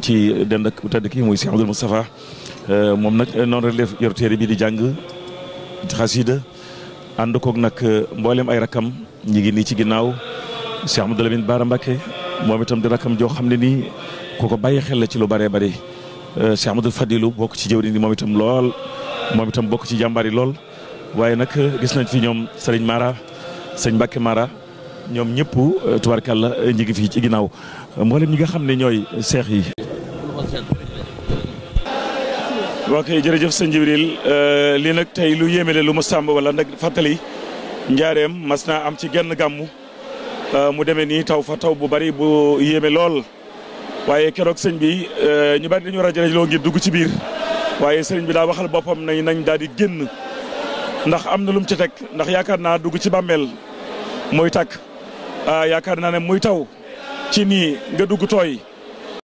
ci dend ak tedd ki muy Cheikh Abdoul Moustapha euh, moom nag noonu rek def yor téere di jàng xasida ànd koog nag euh, mboolem ay rakam ñi ngi nii ci ginnaaw Cheikh Amadou Lamine Bara Mbacké moom itam di rakam joo xam ne nii ku ko bàyyi xel la ci lu bëree bëri euh, Cheikh Amadou Fadilou bokk ci jëwriñ yi moom itam lool moom itam bokk ci jàmbaar yi lool waaye nag gis nañ fi ñoom sëriñ Mara sëñ Mbacké Mara ñoom ñëpp tubaarkàlla ñi ngi fii ci ginnaaw mboolem ñi nga xam ne ñooy ok jërëjëf sëñ Jibril lii nag tey lu yéeme lu ma sàmb wala nag fàttali njaareem mas naa am ci genn gàmmu mu demee nii taw fa taw bu bari bu yéeme lool waaye keroog sëñ bi ñu bari dañu war a jërëjëloo ngir dugg ci biir waaye sëñ bi daa waxal boppam nañ nañ daal di génn ndax am na lu mu ci teg ndax yaakaar naa dugg ci bàmmeel muy tàkk yaakaar naa ne muy taw ci nii nga dugg tooy.